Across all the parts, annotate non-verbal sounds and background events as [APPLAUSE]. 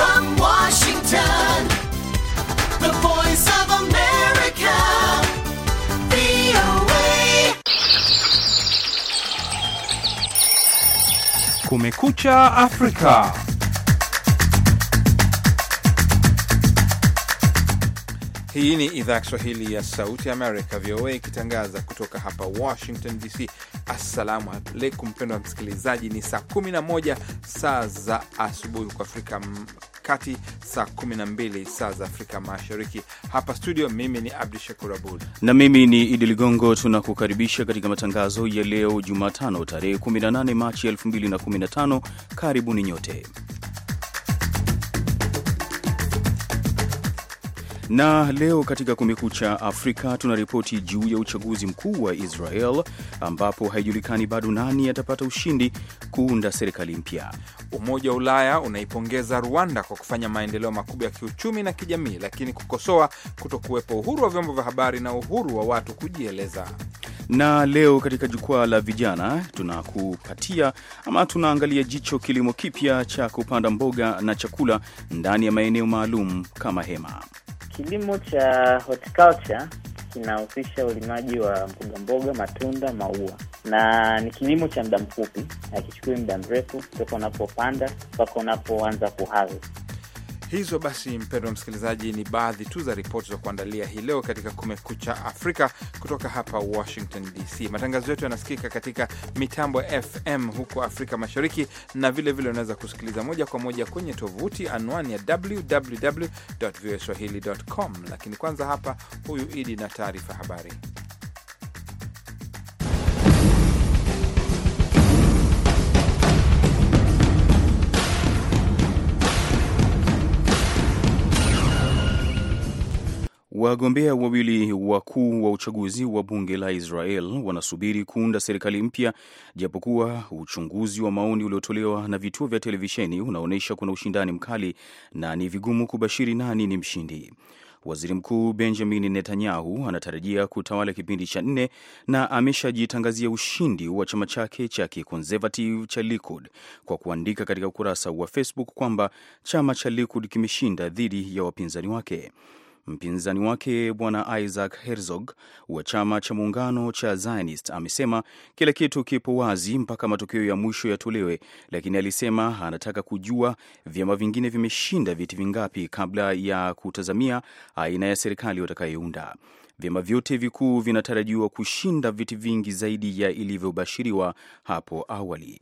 From Washington, the voice of America, VOA. Kumekucha Afrika. Hii ni idhaa ya Kiswahili ya Sauti ya Amerika, VOA, ikitangaza kutoka hapa Washington DC. Assalamu alaikum wa msikilizaji, ni saa 11 saa za asubuhi kwa Afrika Kati, saa 12 saa za Afrika Mashariki. Hapa studio, mimi ni Abdu Shakur Abud na mimi ni Idi Ligongo. Tunakukaribisha katika matangazo ya leo Jumatano, tarehe 18 Machi 2015. Karibuni nyote Na leo katika Kumekucha Afrika tunaripoti juu ya uchaguzi mkuu wa Israel ambapo haijulikani bado nani atapata ushindi kuunda serikali mpya. Umoja wa Ulaya unaipongeza Rwanda kwa kufanya maendeleo makubwa ya kiuchumi na kijamii, lakini kukosoa kutokuwepo uhuru wa vyombo vya habari na uhuru wa watu kujieleza. Na leo katika jukwaa la vijana tunakupatia ama tunaangalia jicho kilimo kipya cha kupanda mboga na chakula ndani ya maeneo maalum kama hema. Kilimo cha horticulture kinahusisha ulimaji wa mboga mboga, matunda, maua na ni kilimo cha muda mfupi, hakichukui muda mrefu kutoka unapopanda mpaka unapoanza kuhavi Hizo basi, mpendwa msikilizaji, ni baadhi tu za ripoti za kuandalia hii leo katika Kumekucha Afrika kutoka hapa Washington DC. Matangazo yetu yanasikika katika mitambo ya FM huko Afrika Mashariki, na vilevile unaweza vile kusikiliza moja kwa moja kwenye tovuti anwani ya www voaswahili com. Lakini kwanza hapa, huyu Idi na taarifa habari. Wagombea wawili wakuu wa uchaguzi wa bunge la Israel wanasubiri kuunda serikali mpya, japokuwa uchunguzi wa maoni uliotolewa na vituo vya televisheni unaonyesha kuna ushindani mkali na ni vigumu kubashiri nani ni mshindi. Waziri Mkuu Benjamin Netanyahu anatarajia kutawala kipindi cha nne na ameshajitangazia ushindi wa chama chake cha kiconservative cha Likud kwa kuandika katika ukurasa wa Facebook kwamba chama cha Likud kimeshinda dhidi ya wapinzani wake. Mpinzani wake Bwana Isaac Herzog wa chama cha muungano cha Zionist amesema kila kitu kipo wazi mpaka matokeo ya mwisho yatolewe, lakini alisema anataka kujua vyama vingine vimeshinda viti vingapi kabla ya kutazamia aina ya serikali watakayounda. Vyama vyote vikuu vinatarajiwa kushinda viti vingi zaidi ya ilivyobashiriwa hapo awali.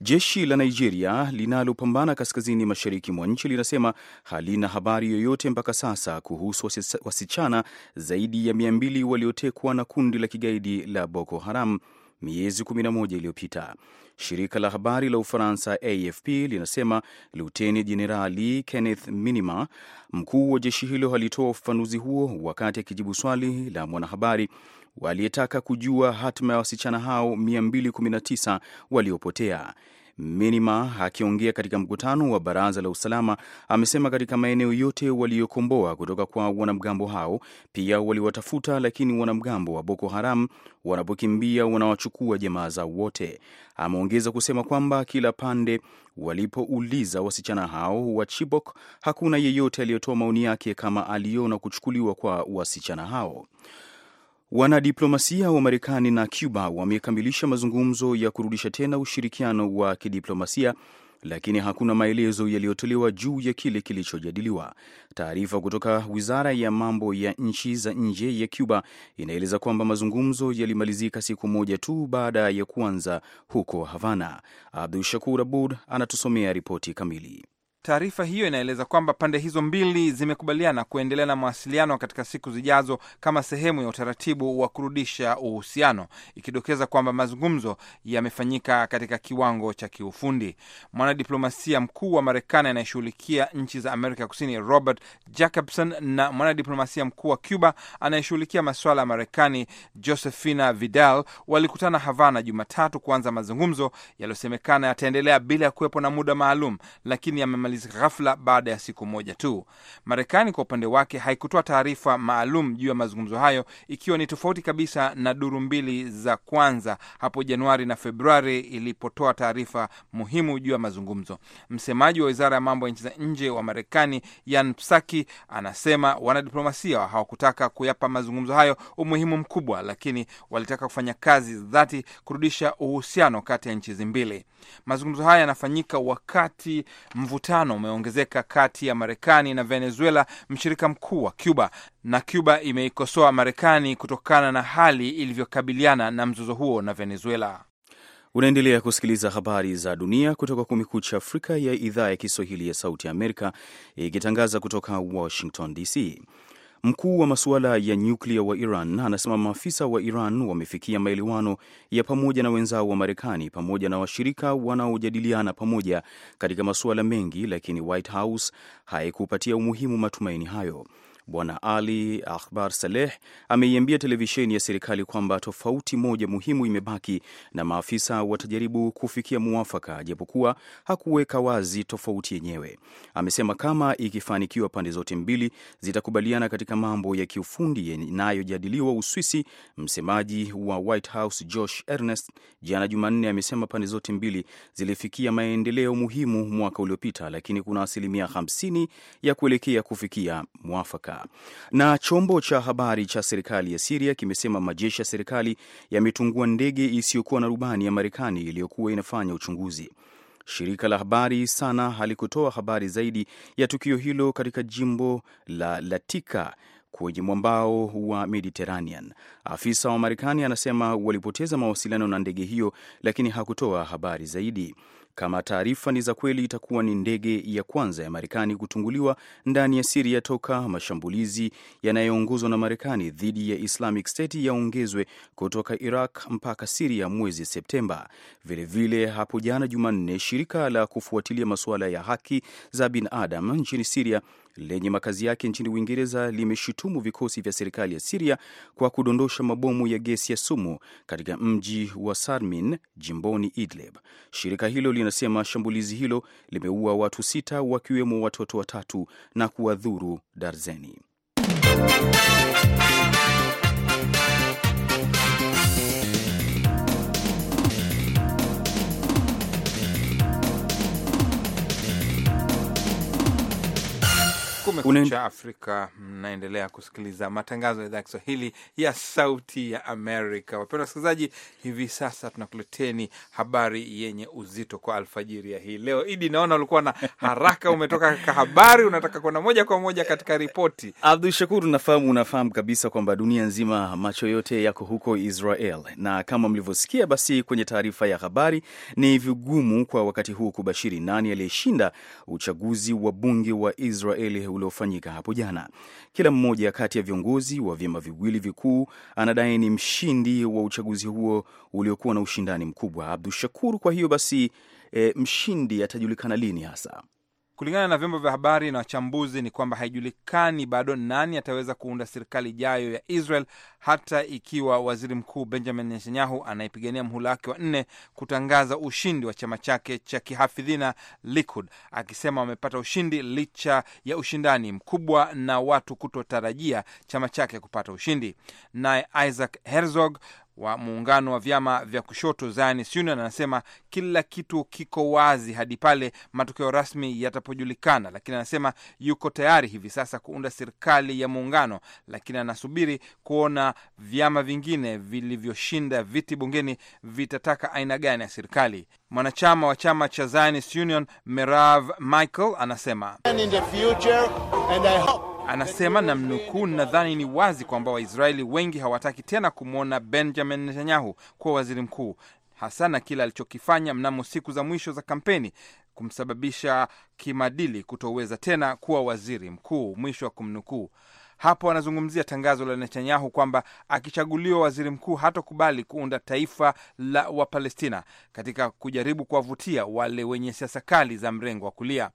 Jeshi la Nigeria linalopambana kaskazini mashariki mwa nchi linasema halina habari yoyote mpaka sasa kuhusu wasichana zaidi ya mbili waliotekwa na kundi la kigaidi la Boko Haram miezi 11 iliyopita. Shirika la habari la Ufaransa AFP linasema Luteni Jenerali Kenneth Minima, mkuu wa jeshi hilo, alitoa ufafanuzi huo wakati akijibu swali la mwanahabari waliyetaka kujua hatima ya wasichana hao 219 waliopotea. Minima akiongea katika mkutano wa baraza la usalama amesema katika maeneo yote waliokomboa kutoka kwa wanamgambo hao pia waliwatafuta, lakini wanamgambo wa Boko Haram wanapokimbia wanawachukua jamaa zao wote. Ameongeza kusema kwamba kila pande walipouliza wasichana hao wa Chibok, hakuna yeyote aliyotoa maoni yake kama aliona kuchukuliwa kwa wasichana hao. Wanadiplomasia wa Marekani na Cuba wamekamilisha mazungumzo ya kurudisha tena ushirikiano wa kidiplomasia lakini hakuna maelezo yaliyotolewa juu ya kile kilichojadiliwa. Taarifa kutoka wizara ya mambo ya nchi za nje ya Cuba inaeleza kwamba mazungumzo yalimalizika siku moja tu baada ya kuanza huko Havana. Abdu Shakur Abud anatusomea ripoti kamili. Taarifa hiyo inaeleza kwamba pande hizo mbili zimekubaliana kuendelea na mawasiliano katika siku zijazo kama sehemu ya utaratibu wa kurudisha uhusiano, ikidokeza kwamba mazungumzo yamefanyika katika kiwango cha kiufundi. Mwanadiplomasia mkuu wa Marekani anayeshughulikia nchi za Amerika Kusini Robert Jacobson na mwanadiplomasia mkuu wa Cuba anayeshughulikia masuala ya Marekani Josefina Vidal walikutana Havana Jumatatu kuanza mazungumzo yaliyosemekana yataendelea bila ya kuwepo na muda maalum, lakini yame ilimaliza ghafla baada ya siku moja tu. Marekani kwa upande wake haikutoa taarifa maalum juu ya mazungumzo hayo, ikiwa ni tofauti kabisa na duru mbili za kwanza hapo Januari na Februari ilipotoa taarifa muhimu juu ya mazungumzo. Msemaji wa wizara ya mambo ya nchi za nje wa Marekani Jan Psaki anasema wanadiplomasia hawakutaka kuyapa mazungumzo hayo umuhimu mkubwa, lakini walitaka kufanya kazi dhati kurudisha uhusiano kati ya nchi mbili. Mazungumzo haya yanafanyika wakati mvutano mvutano umeongezeka kati ya Marekani na Venezuela, mshirika mkuu wa Cuba, na Cuba imeikosoa Marekani kutokana na hali ilivyokabiliana na mzozo huo na Venezuela. Unaendelea kusikiliza habari za dunia kutoka Kumekucha Afrika ya idhaa ya Kiswahili ya Sauti ya Amerika, ikitangaza kutoka Washington DC. Mkuu wa masuala ya nyuklia wa Iran anasema maafisa wa Iran wamefikia maelewano ya pamoja na wenzao wa Marekani pamoja na washirika wanaojadiliana pamoja katika masuala mengi, lakini White House haikupatia umuhimu matumaini hayo. Bwana Ali Akbar Saleh ameiambia televisheni ya serikali kwamba tofauti moja muhimu imebaki na maafisa watajaribu kufikia muafaka, japokuwa hakuweka wazi tofauti yenyewe. Amesema kama ikifanikiwa, pande zote mbili zitakubaliana katika mambo ya kiufundi yanayojadiliwa Uswisi. Msemaji wa White House Josh Ernest jana Jumanne amesema pande zote mbili zilifikia maendeleo muhimu mwaka uliopita, lakini kuna asilimia 50 ya kuelekea kufikia mwafaka. Na chombo cha habari cha serikali ya Siria kimesema majeshi ya serikali yametungua ndege isiyokuwa na rubani ya Marekani iliyokuwa inafanya uchunguzi. Shirika la habari SANA halikutoa habari zaidi ya tukio hilo katika jimbo la Latika kwenye mwambao wa Mediterranean. Afisa wa Marekani anasema walipoteza mawasiliano na ndege hiyo, lakini hakutoa habari zaidi. Kama taarifa ni za kweli, itakuwa ni ndege ya kwanza ya Marekani kutunguliwa ndani ya Siria toka mashambulizi yanayoongozwa na Marekani dhidi ya Islamic State yaongezwe kutoka Iraq mpaka Siria mwezi Septemba. Vilevile hapo jana Jumanne, shirika la kufuatilia masuala ya haki za binadamu nchini Siria lenye makazi yake nchini Uingereza limeshutumu vikosi vya serikali ya Siria kwa kudondosha mabomu ya gesi ya sumu katika mji wa Sarmin jimboni Idlib. Shirika hilo linasema shambulizi hilo limeua watu sita wakiwemo watoto watatu na kuwadhuru darzeni. Kumekucha Afrika, mnaendelea kusikiliza matangazo ya idhaa ya Kiswahili ya Sauti ya Amerika. Wapenda wasikilizaji, hivi sasa tunakuleteni habari yenye uzito kwa alfajiri ya hii leo. Idi, naona ulikuwa na [LAUGHS] haraka, umetoka katika habari unataka kuenda moja kwa moja katika ripoti. Abdul Shakur, nafahamu unafahamu kabisa kwamba dunia nzima macho yote yako huko Israel, na kama mlivyosikia basi kwenye taarifa ya habari, ni vigumu kwa wakati huu kubashiri nani aliyeshinda uchaguzi wa bunge wa Israeli uliofanyika hapo jana. Kila mmoja kati ya viongozi wa vyama viwili vikuu anadai ni mshindi wa uchaguzi huo uliokuwa na ushindani mkubwa. Abdu Shakur, kwa hiyo basi e, mshindi atajulikana lini hasa? Kulingana na vyombo vya habari na wachambuzi, ni kwamba haijulikani bado nani ataweza kuunda serikali ijayo ya Israel, hata ikiwa waziri mkuu Benjamin Netanyahu anayepigania mhula wake wa nne kutangaza ushindi wa chama chake cha kihafidhina Likud, akisema wamepata ushindi licha ya ushindani mkubwa na watu kutotarajia chama chake kupata ushindi. Naye Isaac Herzog wa muungano wa vyama vya kushoto Zion Union anasema kila kitu kiko wazi hadi pale matokeo rasmi yatapojulikana, lakini anasema yuko tayari hivi sasa kuunda serikali ya muungano, lakini anasubiri kuona vyama vingine vilivyoshinda viti bungeni vitataka aina gani ya serikali. Mwanachama wa chama cha Zion Union Merav Michael anasema in the future, and I hope Anasema na mnukuu, nadhani ni wazi kwamba Waisraeli wengi hawataki tena kumwona Benjamin Netanyahu kuwa waziri mkuu, hasa na kile alichokifanya mnamo siku za mwisho za kampeni kumsababisha kimadili kutoweza tena kuwa waziri mkuu, mwisho wa kumnukuu. Hapo anazungumzia tangazo la Netanyahu kwamba akichaguliwa waziri mkuu hatakubali kuunda taifa la Wapalestina katika kujaribu kuwavutia wale wenye siasa kali za mrengo wa kulia.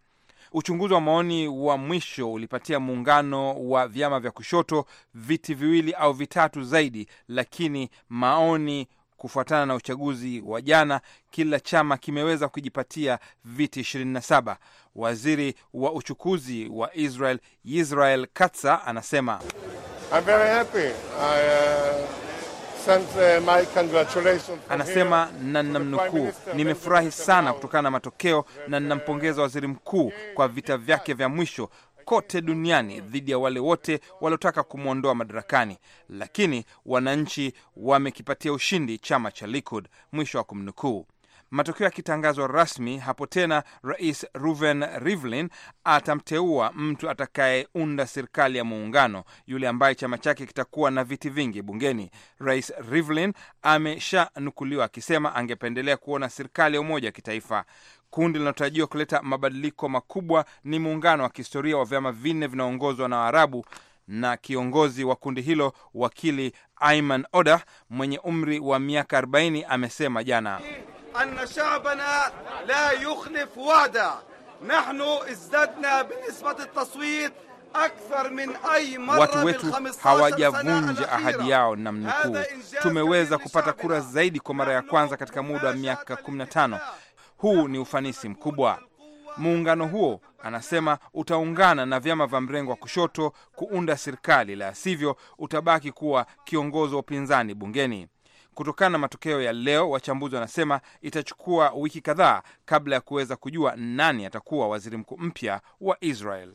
Uchunguzi wa maoni wa mwisho ulipatia muungano wa vyama vya kushoto viti viwili au vitatu zaidi, lakini maoni kufuatana na uchaguzi wa jana, kila chama kimeweza kujipatia viti 27. Waziri wa uchukuzi wa Israel Israel Katza anasema I'm very happy. I, uh... Uh, Anasema na namnukuu, nimefurahi sana kutokana na matokeo na ninampongeza waziri mkuu kwa vita vyake vya mwisho kote duniani dhidi ya wale wote waliotaka kumwondoa madarakani, lakini wananchi wamekipatia ushindi chama cha Likud. Mwisho wa kumnukuu. Matokeo yakitangazwa rasmi hapo tena, Rais Ruven Rivlin atamteua mtu atakayeunda serikali ya muungano, yule ambaye chama chake kitakuwa na viti vingi bungeni. Rais Rivlin ameshanukuliwa akisema angependelea kuona serikali ya umoja wa kitaifa. Kundi linalotarajiwa kuleta mabadiliko makubwa ni muungano wa kihistoria wa vyama vinne vinaongozwa na Waarabu na kiongozi wa kundi hilo wakili iman Oda mwenye umri wa miaka 40 amesema jana أن شعبنا لا يخلف وعده نحن ازددنا بنسبة التصويت watu wetu hawajavunja ahadi yao. Namnukuu, tumeweza kupata kura zaidi kwa mara ya kwanza katika muda wa miaka 15. Huu ni ufanisi mkubwa. Muungano huo anasema utaungana na vyama vya mrengo wa kushoto kuunda serikali, la sivyo utabaki kuwa kiongozi wa upinzani bungeni. Kutokana na matokeo ya leo, wachambuzi wanasema itachukua wiki kadhaa kabla ya kuweza kujua nani atakuwa waziri mkuu mpya wa Israel.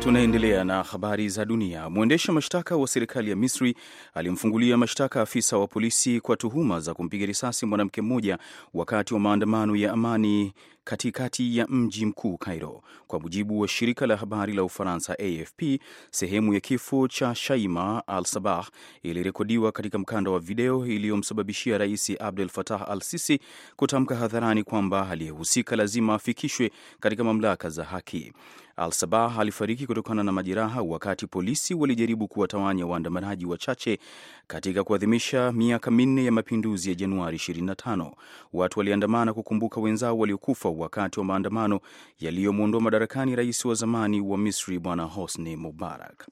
Tunaendelea na habari za dunia. Mwendesha mashtaka wa serikali ya Misri alimfungulia mashtaka afisa wa polisi kwa tuhuma za kumpiga risasi mwanamke mmoja wakati wa maandamano ya amani katikati ya mji mkuu Cairo, kwa mujibu wa shirika la habari la Ufaransa AFP. Sehemu ya kifo cha Shaima Al Sabah ilirekodiwa katika mkanda wa video iliyomsababishia Rais Abdel Fattah Al Sisi kutamka hadharani kwamba aliyehusika lazima afikishwe katika mamlaka za haki. Al Sabah alifariki kutokana na majeraha wakati polisi walijaribu kuwatawanya waandamanaji wachache katika kuadhimisha miaka minne ya mapinduzi ya Januari 25. Watu waliandamana kukumbuka wenzao waliokufa wakati wa maandamano yaliyomwondoa madarakani rais wa zamani wa Misri Bwana Hosni Mubarak.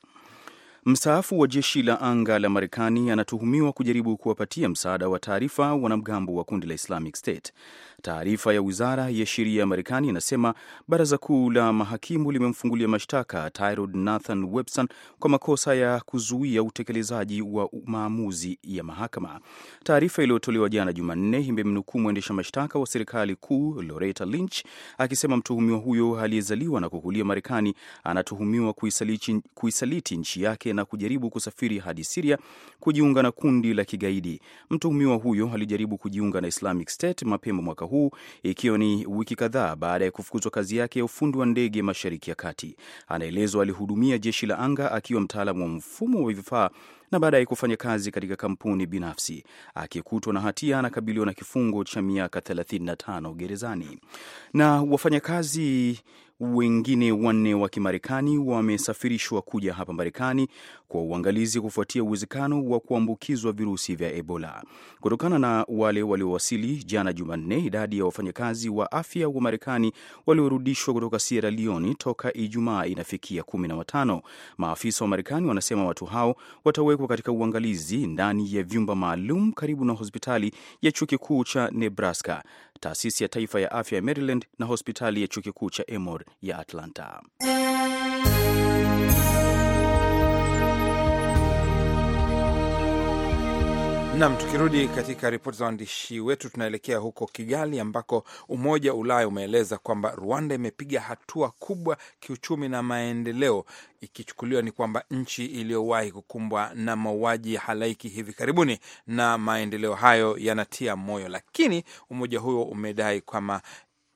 Mstaafu wa jeshi la anga la Marekani anatuhumiwa kujaribu kuwapatia msaada wa taarifa wanamgambo wa kundi la Islamic State. Taarifa ya wizara ya sheria ya Marekani inasema baraza kuu la mahakimu limemfungulia mashtaka Tyrod Nathan Webson kwa makosa ya kuzuia utekelezaji wa maamuzi ya mahakama. Taarifa iliyotolewa jana Jumanne imemnukuu mwendesha mashtaka wa serikali kuu Loretta Lynch akisema mtuhumiwa huyo aliyezaliwa na kukulia Marekani anatuhumiwa kuisaliti nchi yake na kujaribu kusafiri hadi Siria kujiunga na kundi la kigaidi. Mtuhumiwa huyo alijaribu kujiunga na Islamic State mapema mwaka huu, ikiwa ni wiki kadhaa baada ya kufukuzwa kazi yake ya ufundi wa ndege mashariki ya kati. Anaelezwa alihudumia jeshi la anga akiwa mtaalamu wa mfumo wa vifaa na baadaye kufanya kazi katika kampuni binafsi. Akikutwa na hatia, anakabiliwa na kifungo cha miaka 35 gerezani. Na wafanyakazi wengine wanne wa Kimarekani wamesafirishwa kuja hapa Marekani kwa uangalizi kufuatia uwezekano wa kuambukizwa virusi vya Ebola. Kutokana na wale waliowasili jana Jumanne, idadi ya wafanyakazi wa afya wa Marekani waliorudishwa kutoka Sierra Leone toka Ijumaa inafikia kumi na watano. Maafisa wa Marekani wanasema watu hao watawekwa katika uangalizi ndani ya vyumba maalum karibu na hospitali ya chuo kikuu cha Nebraska taasisi ya taifa ya afya ya Maryland na hospitali ya chuo kikuu cha Emory ya Atlanta. Nam, tukirudi katika ripoti za waandishi wetu, tunaelekea huko Kigali ambako Umoja wa Ulaya umeeleza kwamba Rwanda imepiga hatua kubwa kiuchumi na maendeleo, ikichukuliwa ni kwamba nchi iliyowahi kukumbwa na mauaji ya halaiki hivi karibuni, na maendeleo hayo yanatia moyo. Lakini umoja huo umedai kwamba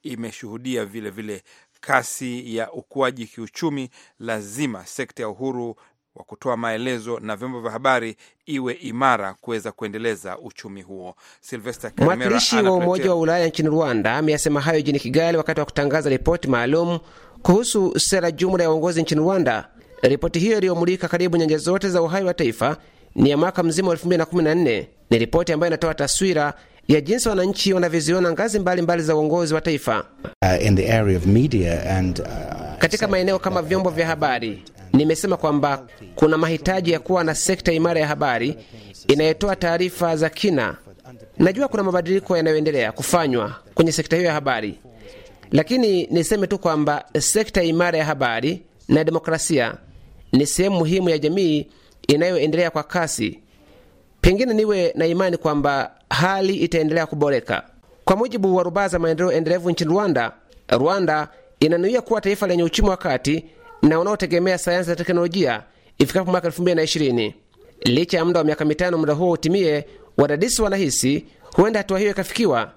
imeshuhudia vilevile vile kasi ya ukuaji kiuchumi, lazima sekta ya uhuru wa kutoa maelezo na vyombo vya habari iwe imara kuweza kuendeleza uchumi huo. Silvester mwakilishi wa Umoja wa Ulaya nchini Rwanda, ameyasema hayo jijini Kigali wakati wa kutangaza ripoti maalum kuhusu sera jumla ya uongozi nchini Rwanda. Ripoti hiyo iliyomulika karibu nyanja zote za uhai wa taifa ni ya mwaka mzima wa 2014. Ni ripoti ambayo inatoa taswira ya jinsi wananchi wanavyoziona ngazi mbalimbali mbali za uongozi wa taifa. Uh, in the area of media and, uh, katika maeneo kama vyombo vya habari nimesema kwamba kuna mahitaji ya kuwa na sekta imara ya habari inayotoa taarifa za kina. Najua kuna mabadiliko yanayoendelea kufanywa kwenye sekta hiyo ya habari, lakini niseme tu kwamba sekta imara ya habari na demokrasia ni sehemu muhimu ya jamii inayoendelea kwa kasi. Pengine niwe na imani kwamba hali itaendelea kuboreka. Kwa mujibu wa rubaa za maendeleo endelevu nchini Rwanda, Rwanda inanuia kuwa taifa lenye uchumi wa kati na unaotegemea sayansi na teknolojia ifikapo mwaka 2020. Licha ya muda wa miaka mitano muda huo utimie, wadadisi wanahisi huenda hatua hiyo ikafikiwa,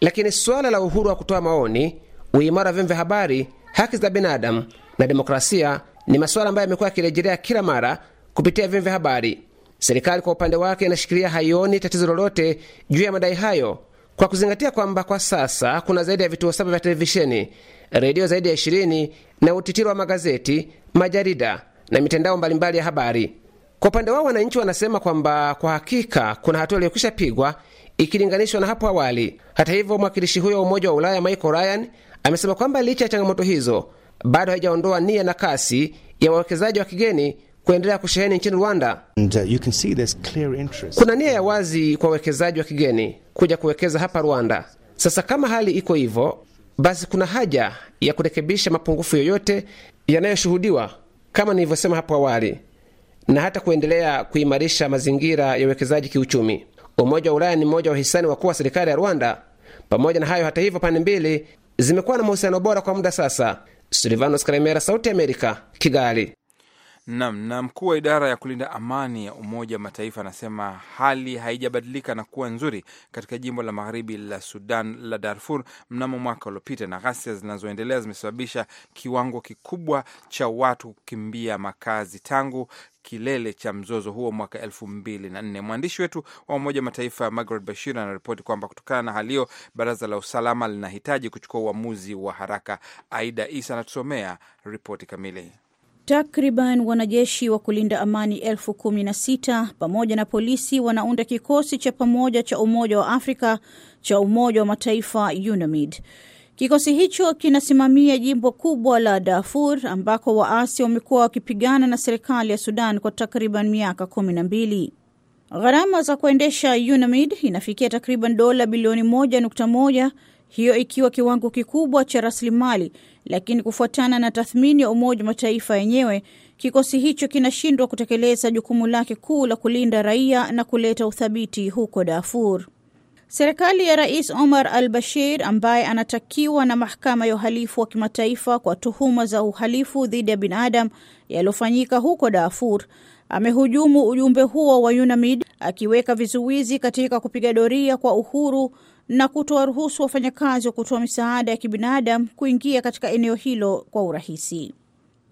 lakini suala la uhuru wa kutoa maoni, uimara wa vyombo vya habari, haki za binadamu na demokrasia ni masuala ambayo yamekuwa yakirejelea kila mara kupitia vyombo vya habari. Serikali kwa upande wake inashikilia haioni tatizo lolote juu ya madai hayo kwa kuzingatia kwamba kwa sasa kuna zaidi ya vituo saba vya televisheni, redio zaidi ya ishirini na utitiri wa magazeti, majarida na mitandao mbalimbali ya habari. Kwa upande wao, wananchi wanasema kwamba kwa hakika kuna hatua iliyokwisha pigwa ikilinganishwa na hapo awali. Hata hivyo, mwakilishi huyo wa Umoja wa Ulaya Michael Ryan amesema kwamba licha ya changamoto hizo bado haijaondoa nia na kasi ya wawekezaji wa kigeni kuendelea kusheheni nchini Rwanda. And, uh, Kuna nia ya wazi kwa wawekezaji wa kigeni kuja kuwekeza hapa Rwanda. Sasa kama hali iko hivyo, basi kuna haja ya kurekebisha mapungufu yoyote yanayoshuhudiwa kama nilivyosema hapo awali, na hata kuendelea kuimarisha mazingira ya uwekezaji kiuchumi. Umoja wa Ulaya ni mmoja wa hisani wakuu wa serikali ya Rwanda. Pamoja na hayo, hata hivyo, pande mbili zimekuwa na mahusiano bora kwa muda sasa. Silvanos Karemera, Sauti ya Amerika, Kigali. Naam. Na mkuu wa idara ya kulinda amani ya Umoja wa Mataifa anasema hali haijabadilika na kuwa nzuri katika jimbo la magharibi la Sudan la Darfur mnamo mwaka uliopita, na ghasia zinazoendelea zimesababisha kiwango kikubwa cha watu kukimbia makazi tangu kilele cha mzozo huo mwaka elfu mbili na nne. Mwandishi wetu wa Umoja wa Mataifa Margaret Bashir anaripoti kwamba kutokana na hali hiyo, Baraza la Usalama linahitaji kuchukua uamuzi wa haraka. Aida Isa anatusomea ripoti kamili. Takriban wanajeshi wa kulinda amani elfu kumi na sita pamoja na polisi wanaunda kikosi cha pamoja cha Umoja wa Afrika cha Umoja wa Mataifa UNAMID. Kikosi hicho kinasimamia jimbo kubwa la Darfur ambako waasi wamekuwa wakipigana na serikali ya Sudan kwa takriban miaka kumi na mbili. Gharama za kuendesha UNAMID inafikia takriban dola bilioni moja nukta moja hiyo ikiwa kiwango kikubwa cha rasilimali, lakini kufuatana na tathmini ya Umoja wa Mataifa yenyewe, kikosi hicho kinashindwa kutekeleza jukumu lake kuu la kulinda raia na kuleta uthabiti huko Darfur. Serikali ya Rais Omar al Bashir, ambaye anatakiwa na mahakama ya uhalifu wa kimataifa kwa tuhuma za uhalifu dhidi ya binadamu yaliyofanyika huko Darfur, amehujumu ujumbe huo wa UNAMID akiweka vizuizi katika kupiga doria kwa uhuru na kutowaruhusu wafanyakazi wa kutoa misaada ya kibinadamu kuingia katika eneo hilo kwa urahisi.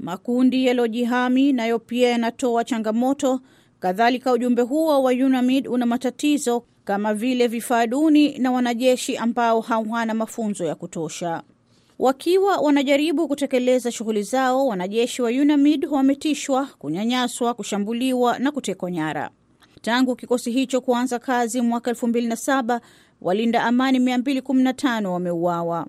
Makundi yaliyojihami nayo pia yanatoa changamoto. Kadhalika, ujumbe huo wa UNAMID una matatizo kama vile vifaa duni na wanajeshi ambao hawana mafunzo ya kutosha. Wakiwa wanajaribu kutekeleza shughuli zao, wanajeshi wa UNAMID wametishwa, kunyanyaswa, kushambuliwa na kutekwa nyara. Tangu kikosi hicho kuanza kazi mwaka 2007 walinda amani 215 wameuawa.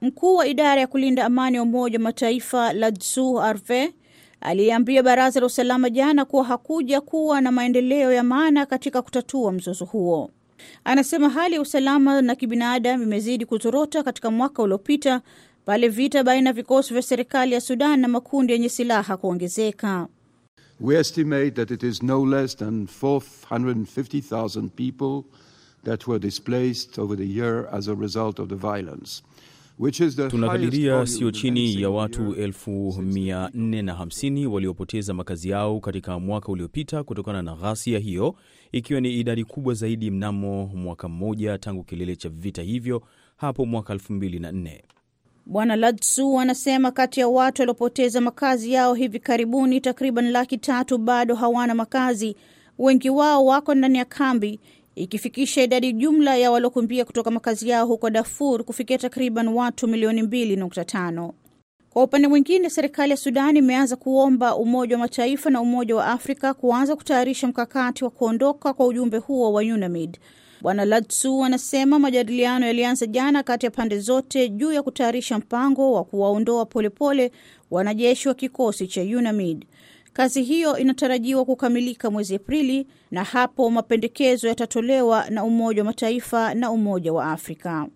Mkuu wa idara ya kulinda amani ya Umoja wa Mataifa Ladzu Arve aliyeambia baraza la usalama jana kuwa hakuja kuwa na maendeleo ya maana katika kutatua mzozo huo. Anasema hali ya usalama na kibinadamu imezidi kuzorota katika mwaka uliopita pale vita baina ya vikosi vya serikali ya Sudan na makundi yenye silaha kuongezeka. We estimate that it is no less than 450,000 people that were displaced over the year as a result of the violence. Tunakadiria sio chini ya watu 450 waliopoteza makazi yao katika mwaka uliopita kutokana na ghasia hiyo, ikiwa ni idadi kubwa zaidi mnamo mwaka mmoja tangu kilele cha vita hivyo hapo mwaka 2004. Bwana Ladsu anasema kati ya watu waliopoteza makazi yao hivi karibuni takriban laki tatu bado hawana makazi. Wengi wao wako ndani ya kambi ikifikisha idadi jumla ya waliokimbia kutoka makazi yao huko Darfur kufikia takriban watu milioni 2.5. Kwa upande mwingine, serikali ya Sudani imeanza kuomba Umoja wa Mataifa na Umoja wa Afrika kuanza kutayarisha mkakati wa kuondoka kwa ujumbe huo wa UNAMID. Bwana Latsu anasema majadiliano yalianza jana kati ya pande zote juu ya kutayarisha mpango wa kuwaondoa polepole wanajeshi wa kikosi cha UNAMID. Kazi hiyo inatarajiwa kukamilika mwezi Aprili na hapo mapendekezo yatatolewa na Umoja wa Mataifa na Umoja wa Afrika.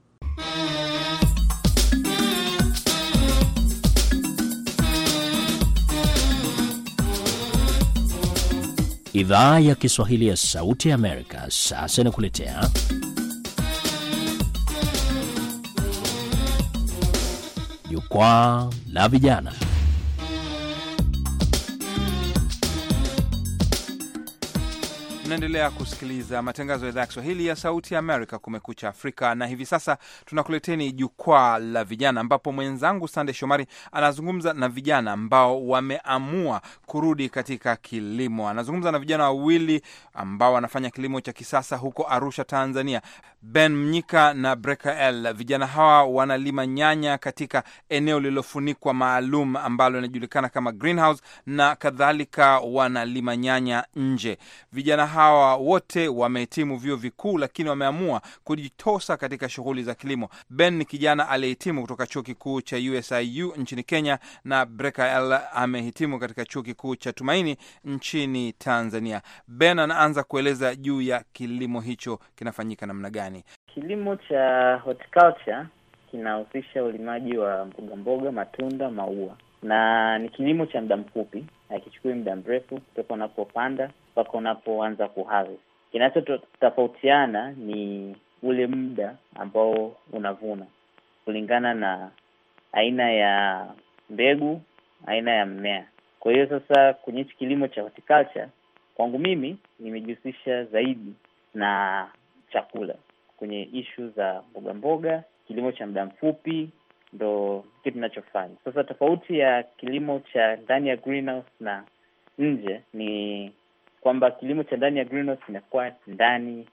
Idhaa ya Kiswahili ya Sauti ya Amerika sasa inakuletea Jukwaa la Vijana. Unaendelea kusikiliza matangazo ya idhaa ya Kiswahili ya Sauti ya Amerika, Kumekucha Afrika, na hivi sasa tunakuleteni Jukwaa la Vijana, ambapo mwenzangu Sande Shomari anazungumza na vijana ambao wameamua kurudi katika kilimo. Anazungumza na vijana wawili ambao wanafanya kilimo cha kisasa huko Arusha, Tanzania, Ben Mnyika na Brekael. Vijana hawa wanalima nyanya katika eneo lililofunikwa maalum ambalo linajulikana kama greenhouse na kadhalika, wanalima nyanya nje vijana hawa wote wamehitimu vyuo vikuu, lakini wameamua kujitosa katika shughuli za kilimo. Ben ni kijana aliyehitimu kutoka chuo kikuu cha USIU nchini Kenya, na Brekael amehitimu katika chuo kikuu cha Tumaini nchini Tanzania. Ben anaanza kueleza juu ya kilimo hicho kinafanyika namna gani. Kilimo cha horticulture kinahusisha ulimaji wa mbogamboga, matunda, maua na ni kilimo cha muda mfupi, hakichukui muda mrefu kutoka unapopanda mpaka unapoanza kuharvest. Kinachotofautiana ni ule muda ambao unavuna kulingana na aina ya mbegu, aina ya mmea. Kwa hiyo sasa, kwenye hichi kilimo cha horticulture, kwangu mimi nimejihusisha zaidi na chakula kwenye ishu za mboga mboga, kilimo cha muda mfupi ndo kitu inachofanya sasa. Tofauti ya kilimo cha ndani ya greenhouse na nje ni kwamba kilimo cha ndani ya greenhouse inakuwa ndani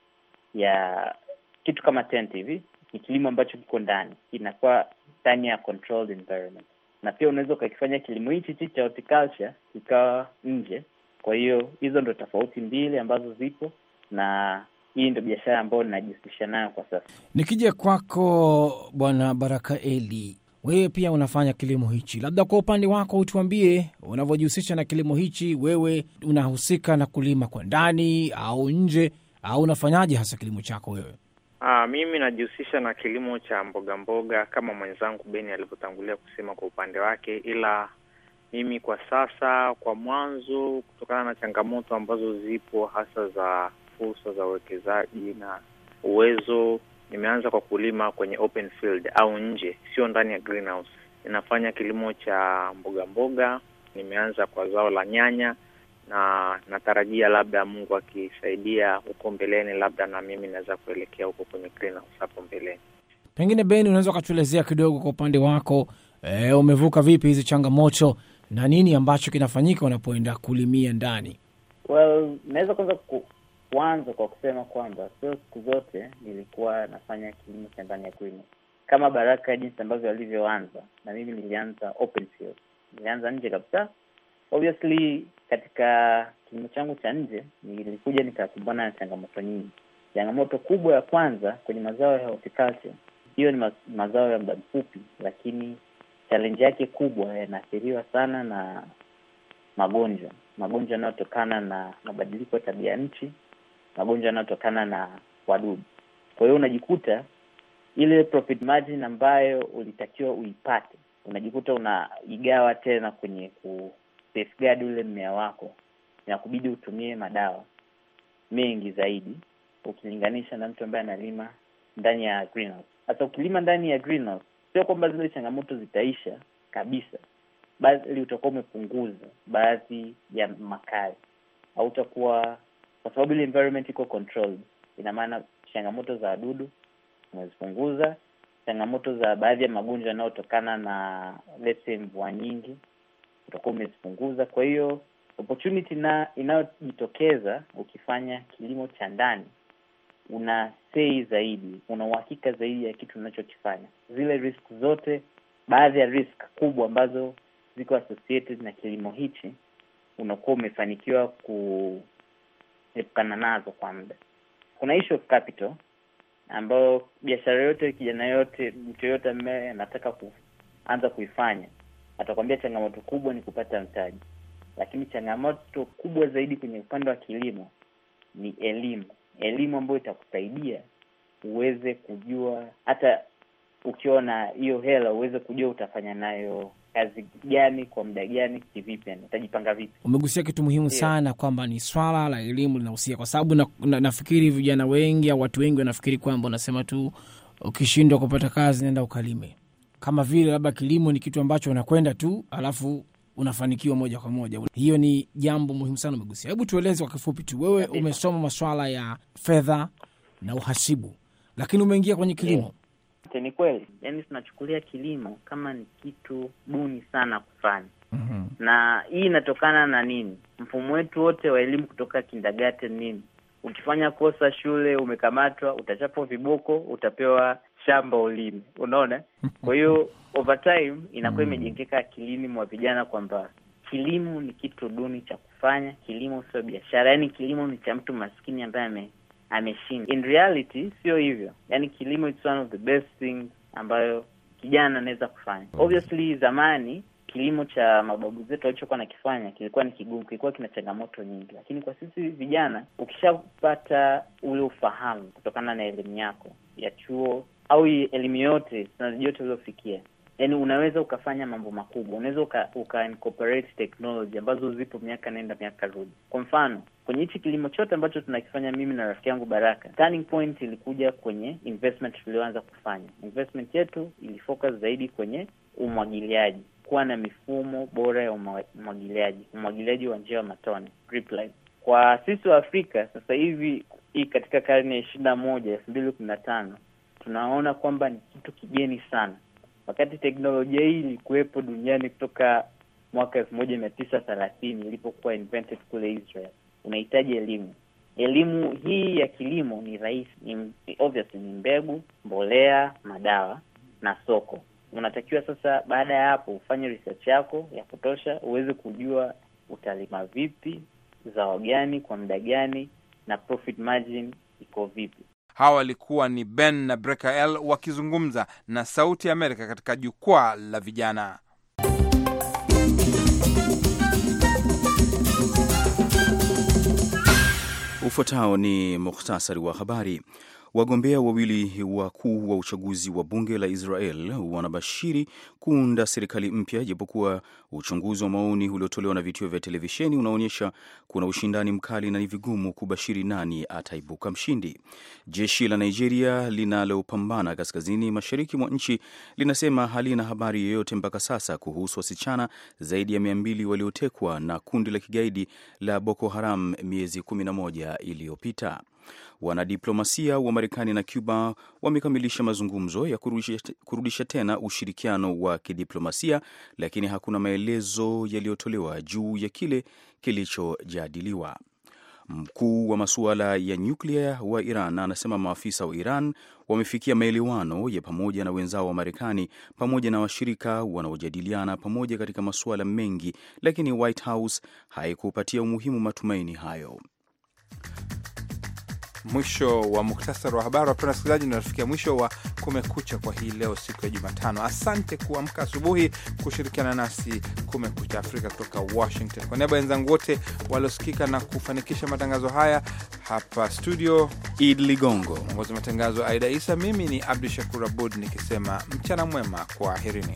ya kitu kama tent hivi, ni kilimo ambacho kiko ndani, inakuwa ndani ya controlled environment, na pia unaweza ukakifanya kilimo hichi hichi cha horticulture kikawa nje. Kwa hiyo hizo ndo tofauti mbili ambazo zipo na hii ndio biashara ambayo ninajihusisha nayo kwa sasa. Nikija kwako Bwana Baraka Eli, wewe pia unafanya kilimo hichi, labda kwa upande wako utuambie unavyojihusisha na kilimo hichi. Wewe unahusika na kulima kwa ndani au nje, au unafanyaje hasa kilimo chako wewe? Aa, ah, mimi najihusisha na kilimo cha mboga mboga kama mwenzangu Beni alivyotangulia kusema kwa upande wake, ila mimi kwa sasa, kwa mwanzo, kutokana na changamoto ambazo zipo hasa za fursa za uwekezaji na uwezo. Nimeanza kwa kulima kwenye open field au nje, sio ndani ya greenhouse. Ninafanya kilimo cha mboga mboga, nimeanza kwa zao la nyanya na natarajia labda Mungu akisaidia huko mbeleni, labda na mimi naweza kuelekea huko kwenye greenhouse hapo mbeleni. Pengine Ben, unaweza ukatuelezea kidogo kwa upande wako, e, umevuka vipi hizi changamoto na nini ambacho kinafanyika unapoenda kulimia ndani? Well, naweza kwanza kwanza kwa kusema kwamba sio siku zote nilikuwa nafanya kilimo cha ndani ya kwini kama Baraka jinsi ambavyo alivyoanza, na mimi nilianza open field, nilianza nje kabisa. Obviously, katika kilimo changu cha nje nilikuja nikakumbana na changamoto nyingi. Changamoto kubwa ya kwanza kwenye mazao ya horticulture, hiyo ni mazao ya muda mfupi, lakini challenge yake kubwa, yanaathiriwa sana na magonjwa magonjwa yanayotokana na mabadiliko ya tabia nchi magonjwa yanayotokana na wadudu. Kwa hiyo unajikuta ile profit margin ambayo ulitakiwa uipate unajikuta unaigawa tena kwenye ku safeguard ule mmea wako, na kubidi utumie madawa mengi zaidi ukilinganisha na mtu ambaye analima ndani ya greenhouse. Hata ukilima ndani ya greenhouse, sio kwamba zile changamoto zitaisha kabisa, bali utakuwa umepunguza baadhi ya makali, hautakuwa kwa sababu ile environment iko controlled. Ina maana changamoto za wadudu umezipunguza, changamoto za baadhi ya magonjwa yanayotokana na let's say mvua nyingi utakuwa umezipunguza. Kwa hiyo opportunity na inayojitokeza ukifanya kilimo cha ndani, una sei zaidi, una uhakika zaidi ya kitu unachokifanya. Zile risk zote, baadhi ya risk kubwa ambazo ziko associated na kilimo hichi unakuwa umefanikiwa ku epukana nazo kwa muda. Kuna issue of capital ambayo biashara yote, kijana yote, mtu yoyote ambaye anataka kuanza kuifanya atakwambia changamoto kubwa ni kupata mtaji, lakini changamoto kubwa zaidi kwenye upande wa kilimo ni elimu, elimu ambayo itakusaidia uweze kujua hata ukiona hiyo hela uweze kujua utafanya nayo kazi gani kwa muda gani kivipi, nitajipanga vipi. Umegusia kitu muhimu yeah, sana kwamba ni swala la elimu linahusia, kwa sababu na, na, nafikiri vijana wengi au watu wengi wanafikiri kwamba unasema tu ukishindwa kupata kazi nenda ukalime, kama vile labda kilimo ni kitu ambacho unakwenda tu alafu unafanikiwa moja kwa moja. Hiyo ni jambo muhimu sana umegusia. Hebu tueleze kwa kifupi tu, wewe umesoma maswala ya fedha na uhasibu, lakini umeingia kwenye kilimo yeah. Ni kweli, yani tunachukulia kilimo kama ni kitu duni sana kufanya. mm -hmm. Na hii inatokana na nini? Mfumo wetu wote wa elimu kutoka kindergarten nini, ukifanya kosa shule, umekamatwa, utachapwa viboko, utapewa shamba ulime. Unaona, kwa hiyo over time inakuwa mm. imejengeka akilini mwa vijana kwamba kilimo ni kitu duni cha kufanya, kilimo sio biashara, yaani kilimo ni cha mtu maskini ambaye ameshinda. In reality sio hivyo, yani kilimo it's one of the best things ambayo kijana anaweza kufanya. Mm. Obviously zamani kilimo cha mababu zetu walichokuwa nakifanya kilikuwa ni kigumu, kilikuwa kina changamoto nyingi, lakini kwa sisi vijana, ukishapata ule ufahamu kutokana na elimu yako ya chuo au elimu yote, yote uliofikia yani unaweza ukafanya mambo makubwa, unaweza uka, uka incorporate technology ambazo zipo miaka naenda miaka rudi. Kwa mfano kwenye hichi kilimo chote ambacho tunakifanya mimi na rafiki yangu Baraka, turning point ilikuja kwenye investment tulioanza kufanya. Investment yetu ilifocus zaidi kwenye umwagiliaji, kuwa na mifumo bora ya umwagiliaji, umwagiliaji wa njia ya matone, drip line. Kwa sisi wa Afrika sasa hivi hii katika karne ya ishirini na moja elfu mbili kumi na tano tunaona kwamba ni kitu kigeni sana wakati teknolojia hii ilikuwepo duniani kutoka mwaka elfu moja mia tisa thelathini ilipokuwa invented kule Israel. Unahitaji elimu. Elimu hii ya kilimo ni rahisi, ni obviously, ni mbegu, mbolea, madawa na soko. Unatakiwa sasa, baada ya hapo, ufanye research yako ya kutosha, uweze kujua utalima vipi, zao gani, kwa muda gani, na profit margin iko vipi. Hawa walikuwa ni Ben na Brekael wakizungumza na Sauti ya Amerika katika jukwaa la vijana. Ufuatao ni muhtasari wa habari. Wagombea wawili wakuu wa uchaguzi wa bunge la Israel wanabashiri kuunda serikali mpya, japokuwa uchunguzi wa maoni uliotolewa na vituo vya televisheni unaonyesha kuna ushindani mkali na ni vigumu kubashiri nani ataibuka mshindi. Jeshi la Nigeria linalopambana kaskazini mashariki mwa nchi linasema halina habari yoyote mpaka sasa kuhusu wasichana zaidi ya mia mbili waliotekwa na kundi la kigaidi la Boko Haram miezi 11 iliyopita. Wanadiplomasia wa Marekani na Cuba wamekamilisha mazungumzo ya kurudisha, kurudisha tena ushirikiano wa kidiplomasia, lakini hakuna maelezo yaliyotolewa juu ya kile kilichojadiliwa. Mkuu wa masuala ya nyuklia wa Iran anasema maafisa wa Iran wamefikia maelewano ya pamoja na wenzao wa Marekani pamoja na washirika wanaojadiliana pamoja katika masuala mengi, lakini White House haikupatia umuhimu matumaini hayo mwisho wa muktasari wa habari. Wapenda wasikilizaji, tunafikia mwisho wa Kumekucha kwa hii leo, siku ya Jumatano. Asante kuamka asubuhi kushirikiana nasi Kumekucha Afrika kutoka Washington. Kwa niaba ya wenzangu wote waliosikika na kufanikisha matangazo haya hapa studio, Id Ligongo mwongozi wa matangazo, Aida Isa, mimi ni Abdu Shakur Abud nikisema mchana mwema, kwa kwaherini.